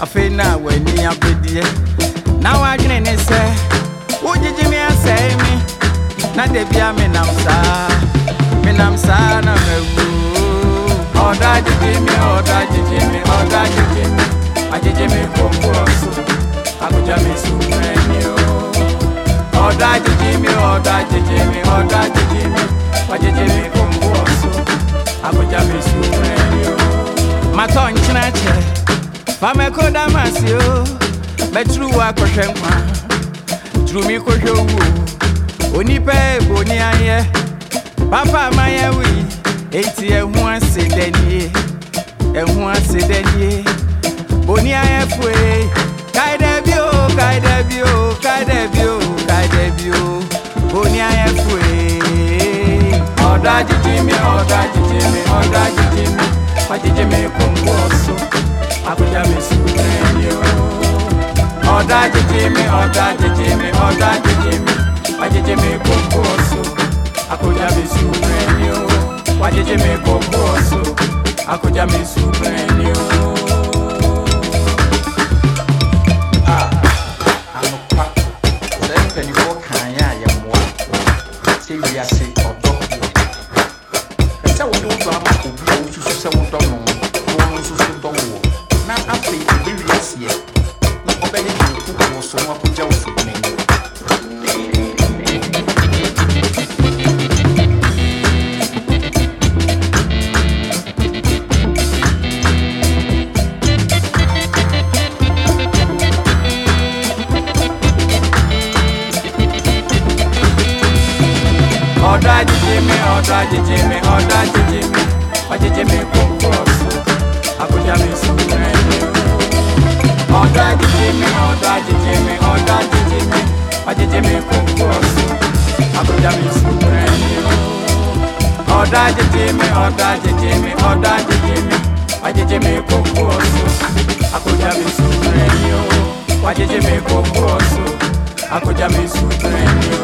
a fee now when you are pretty. Now I can say, Would you give me a say me? Not the Biamin, I'm sad. I'm sad. I'm a woo. Or that you give me, or that you give me, or that you give me. I did give me home for us. I could jam in soon. Or that you give me, or that you give me, or that you give me. I did give me home for us. I could jam in soon. My tongue, Chinatia. Mama Koda Masio, Betruwa Koshempa, Trumi Koshowu, Unipe Boniaye, Papa Mayawi, Eti Ehuan Sedenie, Ehuan Sedenie, Boniaye Fwe, kai e Kaidebio, Kaidebio, e Kaidebio, e Boniaye Fwe. Oda jijimi, oda jijimi, oda jijimi, majijimi kumbuoso. Abuja mi sùúrù ẹni o. Ọ̀dà jíjí mi, ọ̀dà jíjí mi, ọ̀dà jíjí mi, wá jíjí mi kókó ọ̀sùn. Abuja mi sùúrù ẹni o. Wá jíjí mi kókó ọ̀sùn. Abuja mi sùúrù ẹni o. ọdọ àjèjì mi ọdọ àjèjì mi àjèjì mi kò pọ̀ me àbújá mi sì mẹ́rin o. ọdọ àjèjì mi ọdọ àjèjì mi ọdọ àjèjì mi àjèjì mi kò pọ̀ sí àbújá mi sì mẹ́rin o. ọdọ àjèjì mi ọdọ àjèjì mi ọdọ àjèjì mi àjèjì mi kò pọ̀ sí àbújá mi sì mẹ́rin o. àjèjì mi kò pọ̀ sí àbújá mi sì mẹ́rin o.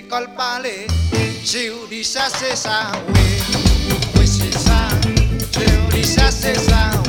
di colpale Siuri sa se sa we We se sa sa se sa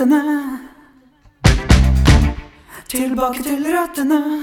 røttene. Tilbake til røttene.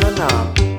真的呢。